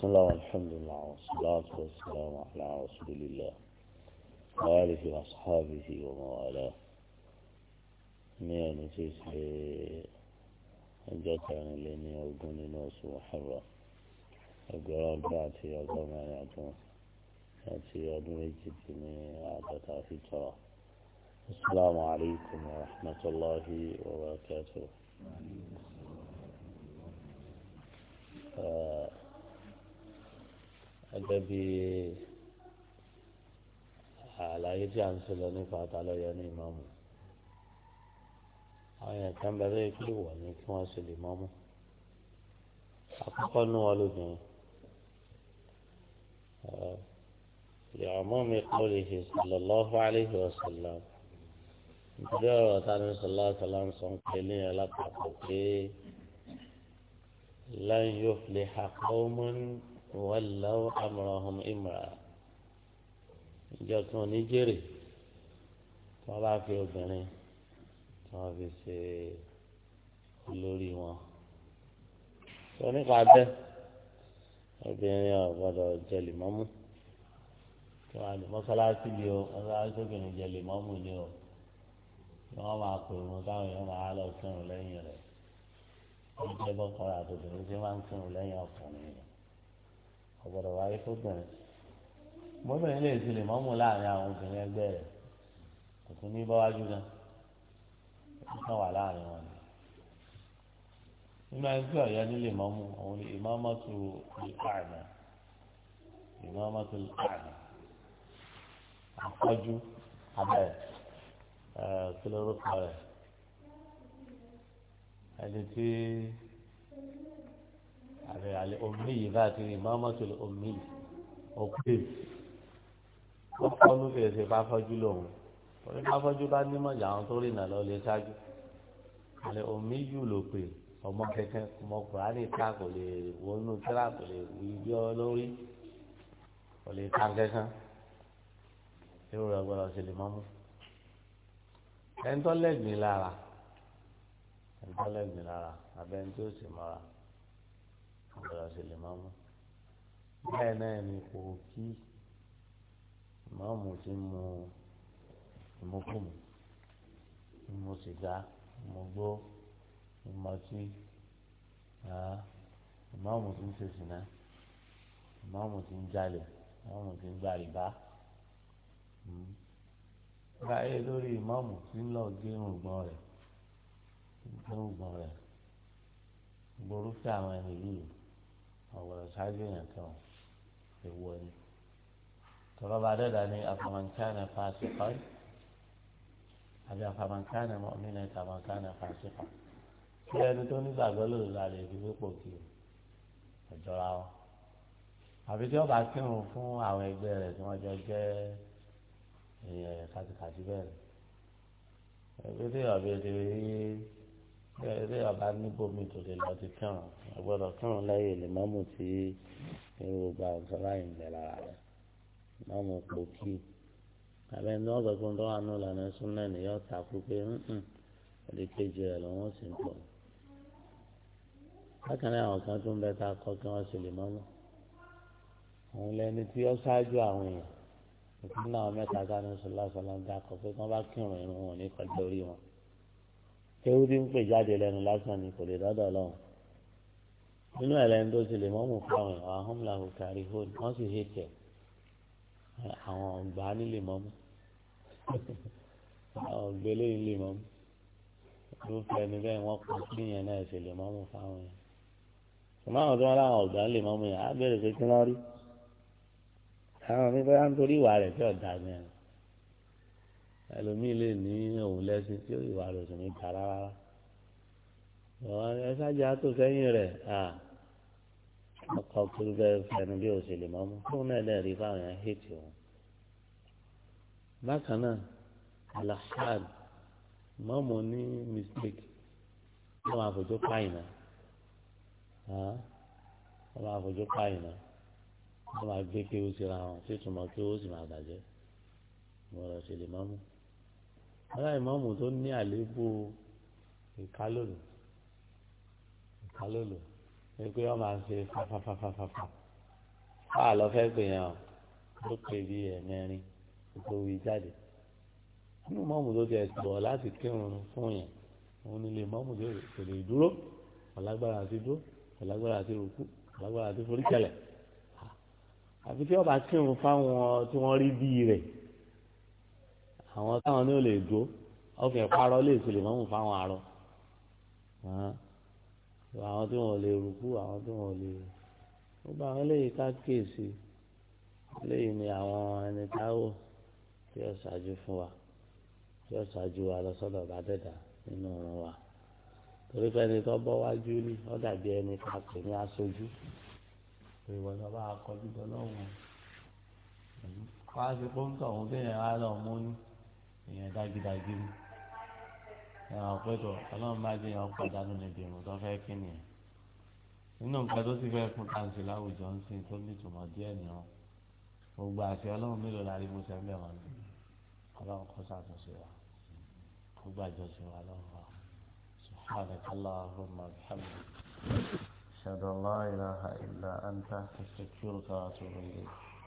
بسم الله والحمد لله والصلاة والسلام على رسول الله وآله وأصحابه وموالاه ميان تيسي أجاتا عن ليني أوقون نوس وحرة أقرار بعتي أقوم عن أعطون أتي أدون جدني أعطتا في ترى السلام عليكم ورحمة الله وبركاته آه gẹ́gẹ́ bí àlàyé tí a ń ṣe lọ nípa àtàlọ́yọ ní ìmọ̀mù àwọn èèyàn kan bẹ̀rẹ̀ pé wọ̀ ní kí wọ́n ṣe lè mọ́mú àkọ́kọ́ nú wọn lóbìnrin لعموم قوله صلى الله عليه وسلم nítorí ọ̀rọ̀ tánu sọlá sọlá ń sọ ń pè ní alápapọ̀ pé lan yufliha qawmun wọ́láwọ́ amúrọ̀hún ìmọ̀ra ìjọ kan ní jèrè tí wọ́n bá fi obìnrin tí wọ́n fi ṣe olórí wọn. sọ nípa bẹ́ẹ̀ obìnrin ò gbọ́dọ̀ jẹ lèmọ́mú tí wọ́n á lè mọ́sálásí ni o mọ́sálásí obìnrin jẹ lèmọ́mú ni o ni wọ́n máa pè wọn táwọn èèyàn máa lọ kírun lẹ́yìn rẹ̀ wọ́n jẹ́ bọ́kọ̀ọ́ àtòbìnrin tí wọ́n máa ń kírun lẹ́yìn ọkùnrin rẹ̀ ọ̀gbọ̀dọ̀ wáyé fóbìnrin bóbìnrin lè ti lè mọ́mú láàrin àwọn obìnrin ẹgbẹ́ rẹ̀ kò tún ní bọ́wájú gan nǹkan wà láàrin wọn ni nínú ẹgbẹ́ ọ̀yá nílé mọ́mú òun ni ìmọ̀mọ́tò ìpàànà ìmọ̀mọ́tò ìpàànà àpọ́jú abẹ́ ẹ̀ kí lórúkọ ẹni tí àlẹ́ omi yìí bá ti rìn mọ́mọ́tò lè omi yìí ọ̀pẹ́ wọ́n kọ́ ló lè ṣe fáfọ́jú lòun torí fáfọ́jú bá nímọ̀ jà àwọn tó rìn nà lọ lè ṣáájú àlẹ́ omi yìí ló pè ọmọ kẹkẹ ọmọ kùránì ká kò lè wọnú tíra kò lè wí bí ọ lórí kò lè ká kẹkẹ irú rẹ gbọ́dọ̀ ṣe lè mọ́mú ẹni tó lẹ́gbìn lára ẹni tó lẹ́gbìn lára abẹ́ni tó sì mọ́ra ọ̀rọ̀ sì lè máa mú bẹ́ẹ̀ náà ni kò kí ìmáàmù ti mu ìmúkùmù ìmú sìgá ìmúgbó ìmọtí ìmáàmù ti ń ṣe sìnà ìmáàmù ti ń jalè ìmáàmù ti ń gba ìbá hmm. báyé lórí ìmáàmù tí ń lọ gé irùngbọ̀n rẹ̀ gé irùngbọ̀n rẹ̀ gbórúfẹ́ àwọn ẹni yìí ọ̀gbọ̀dọ̀ ṣáájú èèyàn kan ewu ọ̀ni tọ́lọ́ bá dẹ́dà ní afamankánẹ fásikọ́ àbí afamankánẹ mọ́mínẹ tàmankánẹ fásikọ́ kí ẹni tó nígbàgbọ́ lòdù lálẹ́ ibi pípò kì í ọ̀jọ́ra wọn àbí tí wọ́n bá kírun fún àwọn ẹgbẹ́ rẹ̀ tí wọ́n jọ jẹ́ èèyàn kàtìkàtì bẹ́ẹ̀ ni ẹgbẹ́ tí yọ̀ọ́ ti rí ẹ̀rí ọba níbomi tó lè lọ ti kírun ọgbọ́dọ̀ kírun lẹ́yìn lè mọ́mù tí irú gba ọ̀sán láyìn ń bẹ̀ lára rẹ̀ mọ́mù pò kí abẹ́ ní ọ̀dọ̀ tó ń dọ́wà nù lànà súnlẹ̀ nìyọ́ ta kú pé ẹ̀rí kejì rẹ̀ lọ́wọ́ sì ń pọ̀ bákan náà àwọn kan tó ń bẹ ta kọ́ kí wọ́n sì lè mọ́mù òun lẹni tí ó ṣáájú àwọn èèyàn ìpínlẹ̀ àwọn mẹ́ta dáná sọlá sọlá ń dákọ̀ pé kí wọ́n bá kírun irun wọn ní kọjá orí wọn ewu tí ń pè jáde lẹ́nu lásán ni kò lè dọ́dọ̀ lọ́wọ́ nínú ẹ̀lẹ́ni tó ti lè mọ́mú fáwọn ẹ̀họ́ ahọ́mùláwò kárí hóni wọ́n sì hé tẹ̀ àwọn ọ̀gbà nílé mọ́mú àwọn ọ̀gbẹ́lẹ́ nílé mọ́mú irúfẹ́ ni bẹ́ẹ̀ wọ́n kọ́ sí yẹn náà ṣe lè mọ́mú fáwọn yẹn ṣùgbọ́n àwọn tó wọn láwọn ọ̀gbà nílé mọ́mú yẹn á bẹ̀rẹ̀ pé kí wọ́n rí àwọn mi bá ń torí ìwà rẹ̀ fẹ́ ọ̀dà ni ẹlòmíì lè ní òun lẹ́sìn tí ìwà rẹ̀ sì ní gbà rárá ẹ ṣáàjì àtò sẹ́yìn rẹ̀ ọkọ̀ kúrú bẹ́ẹ̀ fẹ́ni bí òṣèlè máa mú fún náà dẹ̀ rí fáwọn yẹn hẹ́tì òun. bákan náà alahad mọ́mọ́ ní mistake wọ́n máa fojú pààyàn wọ́n máa fojú pààyàn wọ́n máa gbé kéwú síra wọn tí túmọ̀ kéwú sì máa bàjẹ́ wọ́n lọ ṣe lè máa mú ara ìmọ̀ọ́mù tó ní àléébù ìkálòlò ìkálòlò ni pé wọ́n máa ń ṣe fáfáfáfáfá fáà lọ fẹ́ pè yẹn o ló pè bí ẹ̀mẹrin tó wí jáde nínú mọ́ọ̀mù tó tiẹ̀ bọ̀ láti kírun fún yẹn òun nílé mọ́ọ̀mù tó kò lè dúró ọ̀lágbára àti dúró ọ̀lágbára àti rúkú ọ̀lágbára àti foríkẹlẹ̀ àfi tí wọ́n bá kírun fáwọn tí wọ́n rí bíi rẹ̀ àwọn táwọn ní ò lè dúró ọkàn ìparọ́ lè ṣe lè mọ́mù fáwọn arọ àwọn tí wọn ò lè rúkú àwọn tí wọn ò lè ó bá àwọn eléyìí ká kéèsì eléyìí ni àwọn ẹni táwọ̀ tí ó ṣáájú fún wa tí ó ṣáájú wa lọ sọ́dọ̀ bá dẹ̀dà nínú ọ̀run wa torí pé ẹni tó bọ́ wájú ni ó dàbí ẹni ká pè ní aṣojú ìwọ ni ọba akọjú tó lọ́wọ́ wá sí pọ́ńtọ̀ ọ̀hún bí ẹ̀ wá lọ́ọ́ mú ìyẹn dágídágí ni ìyàwó pẹ̀tọ̀ ọlọ́run má jẹ́ ìyàwó pàdánù níbi ìrùn tó fẹ́ kí nìyẹn nínú nǹkan tó sì fẹ́ fún káńsì láwùjọ ń sìn tó ní ìtumọ̀ díẹ̀ nìyẹn gbogbo àti ọlọ́run mélòó la rí musa ń bẹ̀ wọn ni ọlọ́run kọ́ sàtúnṣe wa gbogbo àjọṣe wa lọ́wọ́ wa سبحانك اللهم وبحمدك أشهد أن لا إله إلا أنت أستغفرك وأتوب إليك